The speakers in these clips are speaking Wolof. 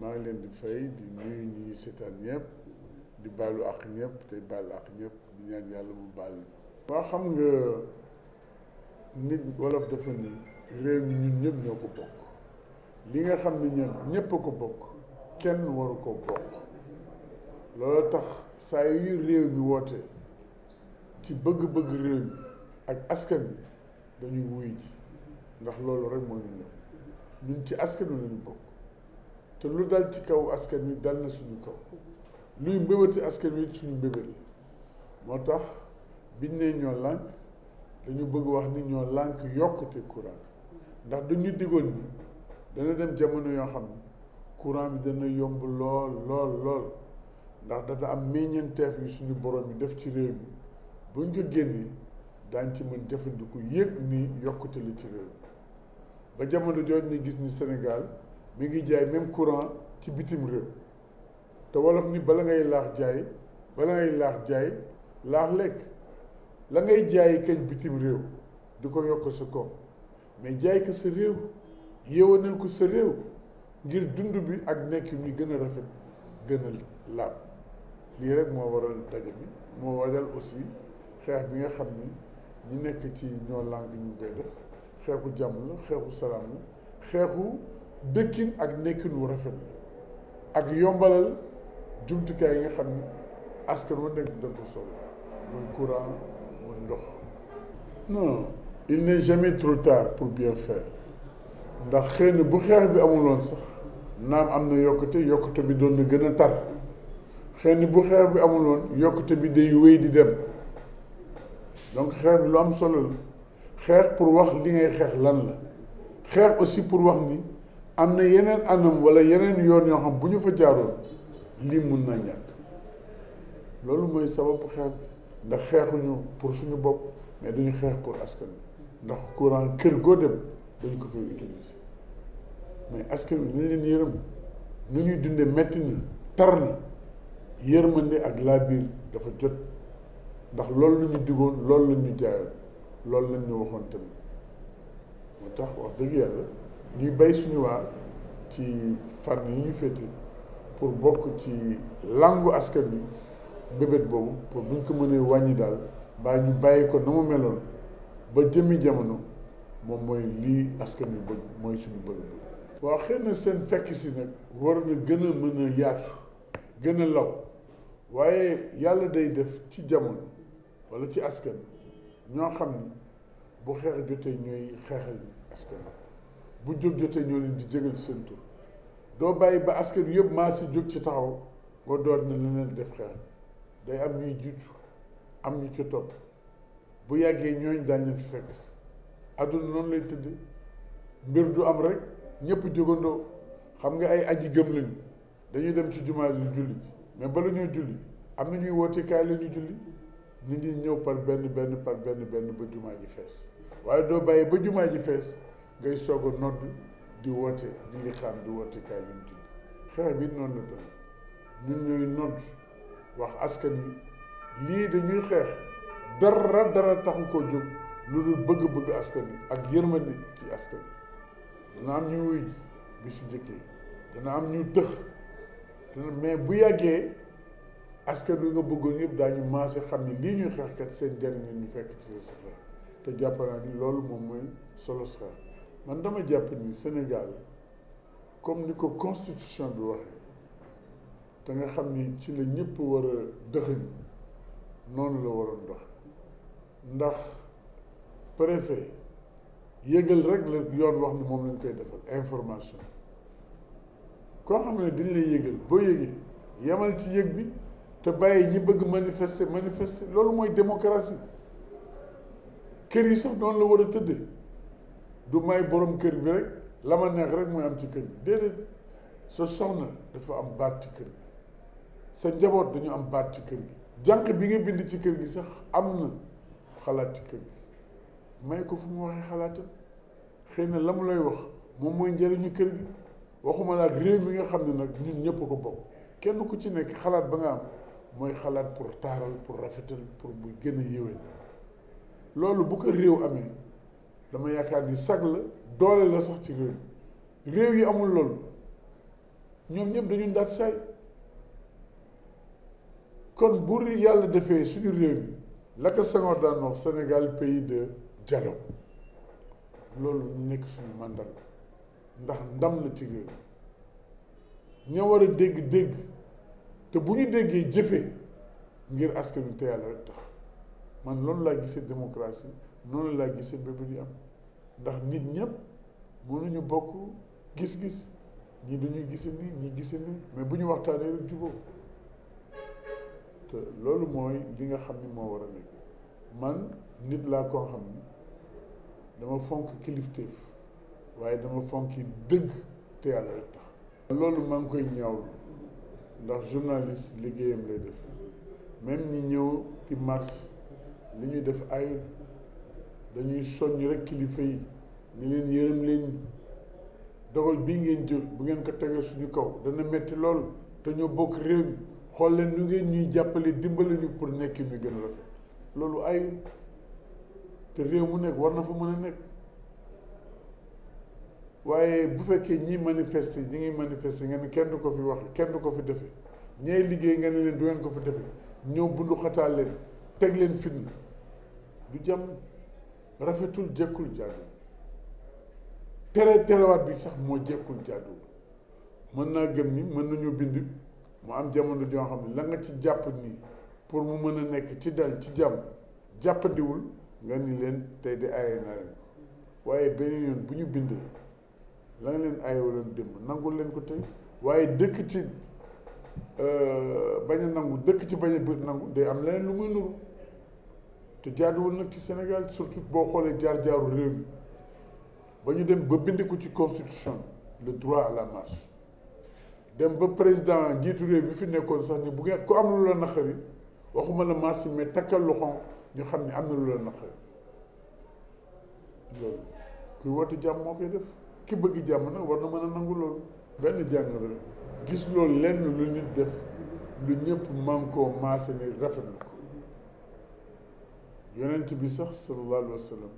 maa ngi leen di fay di nuyu ñuy seetaan ñëpp di baalu ak ñëpp tey baalu ak ñëpp di ñaan yàlla mu bal ñu. waa xam nga nit wolof dafa ni réew mi ñun ñëpp ñoo ko bokk li nga xam ne ñoom ñëpp a ko bokk kenn waru ko bokk loolu tax saa yu réew mi woote ci bëgg-bëgg réew mi ak askan bi dañuy wuy ji ndax loolu rek moo ñu ñëw ñun ci askan wi lañu bokk. te lu dal ci kaw askan wi dal na suñu kaw luy mbébati askan wi suñu mbébét moo tax biñ ne ñoo lànk dañu bëgg wax ni ñoo lànk yokkute courant ndax dañu digoon ni dana dem jamono yoo xam ne courant bi dana yomb lool lool lool ndax dana am meññeenteef yu suñu borom yi def ci réew mi buñ ko génnee daañ ci mën jëfandiku yëg ni yokkute la ci réew mi ba jamono jooju ñu gis ni Sénégal mi ngi jaay même courant ci bitim réew te wolof ni bala ngay laax jaay bala ngay laax jaay laax lekk la ngay jaay kañ bitim réew di ko yokk sa koom mais jaay ko sa réew yeewanal ko sa réew ngir dund bi ak nekk mi gën a rafet gën a laab lii rek moo waral daje bi moo waral aussi xeex bi nga xam ni ñi nekk ci ñoo làng ñu koy def xeexu jàmm la xeexu salaam la xeexu dëkkin ak nekkin wu rafet ak yombalal jumtukaay yi nga xam ni askan wu nekk da ko soxla mooy courant mooy ndox non il n'est jamais trop tard pour bien faire ndax xëy na bu xeex bi amuloon sax naam am na yokkute yokkute bi doon na gën a tar xeen bu xeex bi amuloon yokkute bi day wéy di dem donc xeex bi lu am solo la xeex pour wax li ngay xeex lan la xeex aussi pour wax ni am na yeneen anam wala yeneen yoon yoo xam bu ñu fa jaaroon lii mun na ñàkk loolu mooy sababu xeex ndax xeexuñu pour suñu bopp mais duñu xeex pour askan wi ndax courant kër goo dem dañ ko fay utiliser mais askan wi nañ leen yërëm nu ñuy dundee metti na tar na yërmande ak laabiir dafa jot ndax loolu la ñu digoon loolu la ñu jaayoon loolu la ñu waxoon tamit moo tax wax dëgg yàlla. ñuy bay suñu waa ci fànn yi ñu féete pour bokk ci langu askan bi bébét boobu pour buñ ko mënee wàññi daal baa ñu bàyyi ko na mu meloon ba jëmmi jamono moom mooy lii askan wi bëgg mooy suñu bëgg bëgg waaw xëy na seen fekk si nag war na gën a mën a yaatu gën a law waaye yàlla day def ci jamono walla ci askan ñoo xam ni bu xeex jotee ñooy xeexal askan bu jóg jotee ñoo leen di jégal ci seen tur doo bàyyi ba askan wi yëpp maa si jóg ci taxaw nga door na leneen def xeex day am ñuy jiitu am ñu ci topp bu yàggee ñooñ daañ leen fi fekk si àdduna noonu lay tëdd mbir du am rek ñëpp jógandoo xam nga ay aji gëm lañu dañuy dem ci jumaa lu julli mais ba lu ñoo julli am na ñuy woote kaay la ñu julli nit ñi ñëw par benn benn par benn benn ba jumaa ji fees waaye doo bàyyi ba jumaa ji fees ngay soog a nodd di woote di li xam di woote kaay leen bi noonu la doon ñun ñooy nodd wax askan wi lii dañuy xeex dara dara taxu koo jóg lu dul bëgg-bëgg askan bi ak yërmande ci askan wi dana am ñu wuy bi su njëkkee dana am ñu dëx mais bu yàggee askan bi nga bëggoon yëpp daañu maase xam ne lii ñuy xeexkat seen njëriñ ñu fekk ci sa xeex te jàpp naa loolu moom mooy solo xeex man dama jàpp ni Sénégal comme ni ko constitution bi waxee te nga xam ni ci la ñëpp war a dëxëñ noonu la waroon dox ndax préfet yëgal rek la yoon wax ni moom lañ koy defal information koo xam ne dañ lay yëgal boo yëgee yamal ci yëg bi te bàyyi ñi bëgg manifester manifester loolu mooy démocratie kër yi sax noonu la war a tëddee du may borom kër bi rek la ma neex rek mooy am ci kër bi déedéet sa soxna dafa am baat ci kër bi sa njaboot dañu am baat ci kër gi jànq bi nga bind ci kër gi sax am na xalaat ci kër gi may ko fu mu waxee xalaatam xëy na la mu lay wax moom mooy njëriñu kër gi waxuma la ak réew mi nga xam ne nag ñun ñëpp ko bokk kenn ku ci nekk xalaat ba nga am mooy xalaat pour taaral pour rafetal pour muy gën a yéwén loolu bu ko réew amee dama yaakaar ni sag la doole la sax ci réew réew yi amul loolu ñoom ñëpp dañu ndaat say kon bu yàlla defee suñu réew mi la ko Senghor daan Sénégal pays de dialogue loolu nekk suñu mandal ndax ndam la ci réew mi ña war a dégg dégg te bu ñu déggee jëfe ngir askan wi te yàlla rek tax man loolu laa gisee démocratie noonu laa gisee bébé di am ndax nit ñëpp mënuñu bokk gis-gis ñi dañuy gise nii ñii gise nii mais bu ñu waxtaanee rek jubóo te loolu mooy li nga xam ni moo war a nekk man nit laa koo xam ni dama fonk kilifteef waaye dama fonk dëgg te yàlla rek tax loolu maa ngi koy ñaawlu ndax journaliste liggéeyam lay def même ñi ñëw ci marche li ñuy def ayul dañuy soññ rek kilifa yi ñu leen yërëm leen dogal bii ngeen jël bu ngeen ko tegee suñu kaw dana metti lool te ñoo bokk réew mi xool leen nu ngeen ñuy jàppale dimbali ñu pour nekki mi gën a rafet loolu ayul te réew mu nekk war na fa mën a nekk waaye bu fekkee ñii manifester ñi ngi manifester nga ne kenn du ko fi wax kenn du ko fi defe ñay liggéey nga ne leen du ngeen ko fi defe ñëw bundu xataal leen teg leen fitna du jàmm rafetul jekkul jàddu tere terewaat bi sax moo jekkul jàddu mën naa gëm ni mën nañoo bind mu am jamono joo xam ne la nga ci jàpp ni pour mu mën a nekk ci dal ci jàmm jàppandiwul nga ni leen tey di aaye na leen waaye beneen yoon bu ñu bind la nga leen aayewaloon démb nangul leen ko tey waaye dëkk ci euh, bañ a nangu dëkk ci bañ a nangu day am leneen lu muy nuru te jaaduwul nag ci Sénégal surtout boo xoolee jaar-jaaru réew mi ba ñu dem ba bind ko ci constitution le droit à la marche dem ba président jiitu réew bi fi nekkoon sax ni bu ngeen ku am lu waxuma la marche mais ne am na lu la naqari loolu kuy woote jàmm moo koy def ki bëgg jàmm nag war na mën a nangu loolu benn jàng rek gis loolu lenn lu nit def lu ñëpp man koo maase ni rafet ko yonent bi sax sallallahu alayhi wa sallam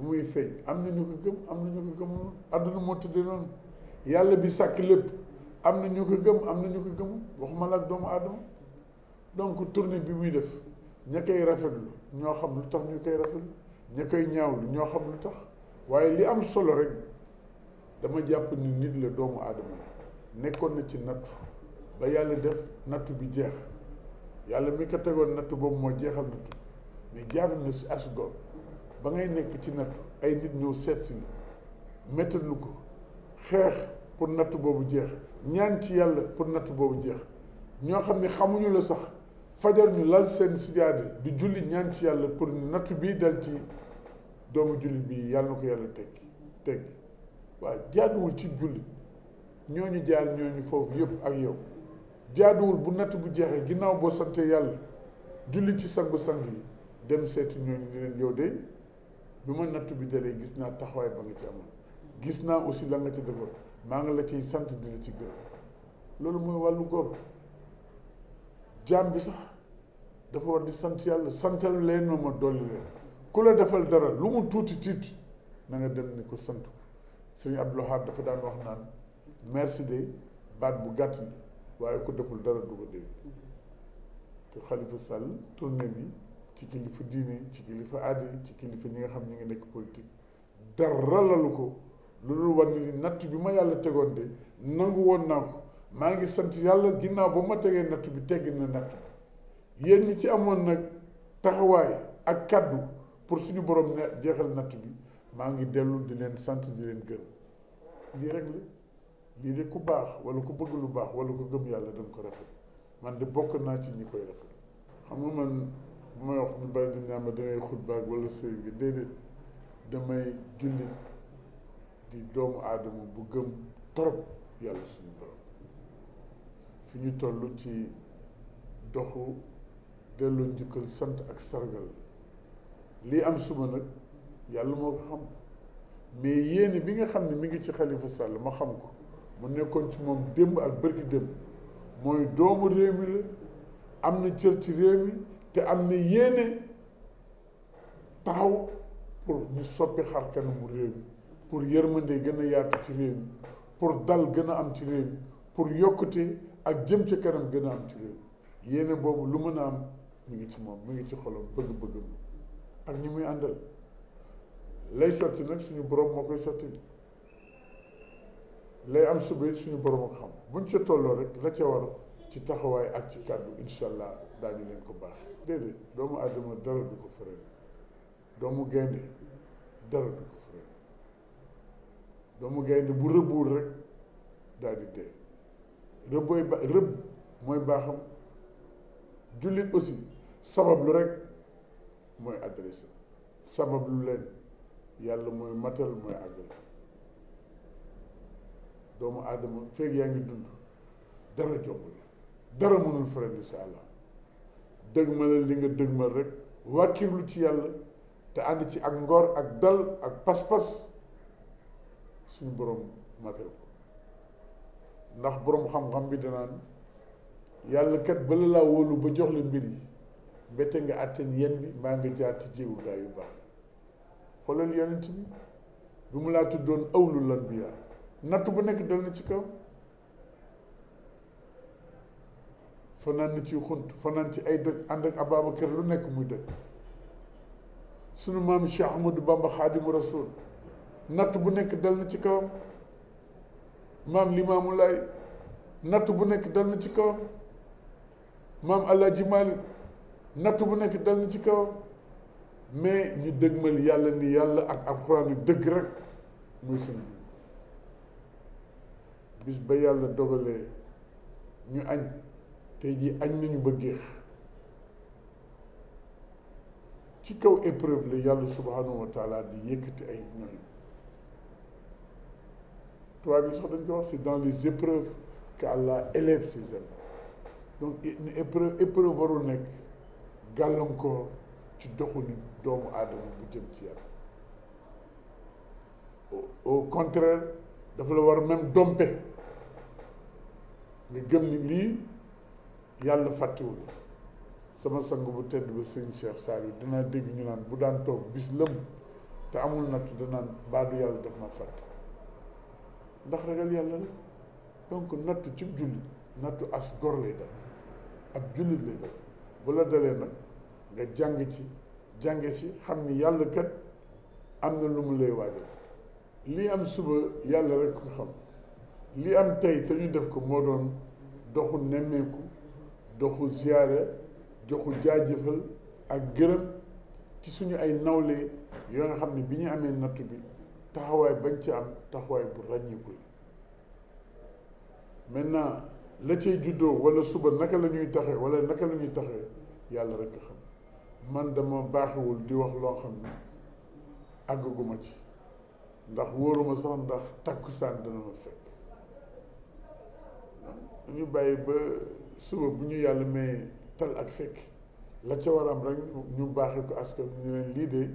muy feeñ am na ñu ko gëm am na ñu ko gëmul àdduna yàlla bi sàkk lépp am na ñu ko gëm am na ñu ko gëmul waxuma la doomu aadama donc tournée bi muy def ña koy rafetlu ñoo xam lu tax ñu koy rafetlu ña koy ñaawlu ñoo xam lu tax waaye li am solo rek dama jàpp ni nit la doomu aadama nekkoon na ci nattu ba yàlla def natt bi jeex yàlla mi ko tegoon natt boobu moo jeexal nattu mais jaar na si as ba ngay nekk ci nattu ay nit ñëw seetsi si la ko xeex pour natt boobu jeex ñaan ci yàlla pour natt boobu jeex ñoo xam ne xamuñu la sax fajar ñu lal seen jaar di julli ñaan ci yàlla pour natt bii dal ci doomu jullit bi yàlla na ko yàlla tekki tekki waaw jaaduwul ci jullit ñooñu jaar ñooñu foofu yëpp ak yow jaaduwul bu natt bu jeexee ginnaaw boo sante yàlla julli ci sangu sang yi dem seeti ñooñu di leen yow de bi ma natt bi dalee gis naa taxawaay ba nga ci amoon gis naa aussi lan nga ci defoon maa ngi la ciy sant di la ci gërëm loolu mooy wàllu góor jaam bi sax dafa war di sant yàlla santal leen ma ma dolli leen ku la defal dara lu mu tuuti tiit na nga dem ni ko sant sëñ Abdou Lahad dafa daan wax naan merci de baat bu gàtt bi waaye ku deful dara du ko dégg te Khalifa Sall tourné bi ci kilifa diini ci kilifa aada yi ci kilifa ñi nga xam ñi ngi nekk politique dara lalu ko lu war ni natt bi ma yàlla tegoon de nangu woon naa ko maa ngi sant yàlla ginnaaw ba ma tegee natt bi tegg na natt bi yéen ñi ci amoon nag taxawaay ak kàddu pour suñu borom jeexal natt bi maa ngi dellu di leen sant di leen gën lii rek lii de ku baax wala ku bëgg lu baax wala ku gëm yàlla da ko rafet man de bokk naa ci ñi koy rafet xam man bu may wax ñu bari di ñaama dangay xutbaak wala sëy bi déedéet damay jullit di doomu aadama bu gëm torop yàlla suñu borom fi ñu toll ci doxu delloo njëkkal sant ak sargal lii am suma nag yàlla moo ko xam mais yéene bi nga xam ne mi ngi ci Xalifa Sall ma xam ko mu nekkoon ci moom démb ak bërki démb mooy doomu réew mi la am na cër ci réew mi te am na yéene taxaw pour ñu soppi xar kanamu réew mi pour yërmande gën a yaatu ci réew mi pour dal gën a am ci réew mi pour yokkute ak jëm ca kanam gën a am ci réew mi yéene boobu lu mën a am mu ngi ci moom mu ngi ci xolam bëgg-bëggam ak ñu muy àndal lay sotti nag suñu borom moo koy sotti lay am suba suñu borom ak xam buñ ci tolloo rek la ca war ci taxawaay ak ci kàddu incha allah daañu leen ko baax déedéet doomu aadama dara du ko fëral doomu gaynde dara du ko fëral doomu gaynde bu rëbbul rek daal di dee rëbbooy ba rëbb mooy baaxam jullit aussi sabab lu rek mooy adressé sabab lu leen yàlla mooy matal mooy àggal doomu aadama feeg yaa ngi dund dara jomb la dara mënul freiné sa àlla dëgmalal li nga dëgmal rek wàkkirlu ci yàlla te ànd ci ak ngor ak dal ak pas-pas suñu borom matal ko ndax borom xam-xam bi danaan yàlla kat bala laa wóolu ba jox la mbir yi mbete nga àttan yenn bi maa ngi jaar ci jéegu gaa yu baax xoolal yonent bi bu mu laa tuddoon awlu lan bi yaa natt bu nekk dal na ci kaw fanaan na ci xunt fanaan ci ay doj ànd ak lu nekk muy doj sunu maam Cheikh Ahmadou Bamba Xaadimu Rasul nattu bu nekk dal na ci kawam maam limamula Laay natt bu nekk dal na ci kawam maam Alaaji Maalik natt bu nekk dal na ci kawam mais ñu dëgmal yàlla ni yàlla ak alxuraan yu dëgg rek muy sunu bis ba yàlla dogalee ñu añ tey jii añ nañu bëggee ci kaw épreuve la yàlla subhanahu wa di yëkkati ay ñooñu tubaab bi sax dañ ko wax c'est dans les épreuves que Allah élève ses hommes donc épreuve épreuve warul nekk gàllankoor ci doxu doomu aadama bu jëm ci yàlla au contraire dafa la war même dompe nga gëm ni lii yàlla fàttewul sama sang bu tëdd ba sëñ Cheikh Saliou dina dégg ñu naan bu daan toog bis lëm te amul natt danaan baadu yàlla daf ma fàtte ndax ragal yàlla la donc nattu cib jullit nattu as gor lay dal ab jullit lay dal bu la dalee nag nga jàng ci jàng ci xam ni yàlla kat am na lu mu lay waajal lii am suba yàlla rek ko xam lii am tey te ñu def ko moo doon doxu nemmeeku doxu ziyaara joxu jaajëfal ak gërëm ci suñu ay nawle yoo nga xam ne bi ñu amee natt bi taxawaay bañ ci am taxawaay bu ràññeeku la maintenant la cay juddoo wala suba naka la ñuy taxee wala naka lañuy ñuy yàlla rek a xam man dama baaxewul di wax loo xam ne àggaguma ci ndax wóoruma sax ndax takkusaan dana ma fekk ñu bàyyi ba. suba bu ñu yàlla mayee tal ak fekk la ca waram rek ñu baaxe ko askan ñu leen lii de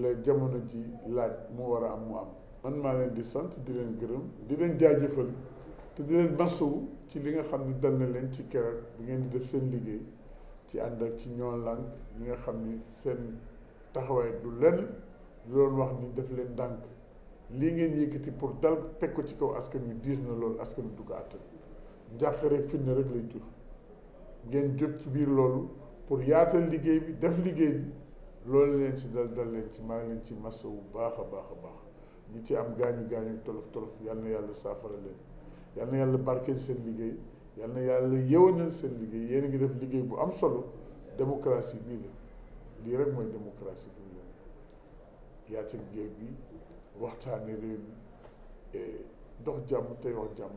la jamono ji laaj mu war a am mu am man maa leen di sant di leen gërëm di leen jaajëfal te di leen masawu ci li nga xam ne dal na leen ci keroog bi ngeen di def seen liggéey ci ànd ak ci ñoo lànk ñi nga xam ni seen taxawaay du lenn loolu wax ni def leen ndànk lii ngeen yëkkati pour dal teg ko ci kaw askan wi diis na loolu askan wi du ko àttan njàqare fitna rek lay jur ngeen jóg ci biir loolu pour yaatal liggéey bi def liggéey bi loolu leen ci dal dal leen ci maa ngi leen ci maso bu baax a baax a baax ñi ci am gaañu gaañu tolof tolof yal na yàlla saafara leen yal na yàlla barkeel seen liggéey yal na yàlla yewenal seen liggéey yéen a ngi def liggéey bu am solo démocratie bii la lii rek mooy démocratie bi la yaatal liggéey bi waxtaane réew mi dox jàmm tey wax jàmm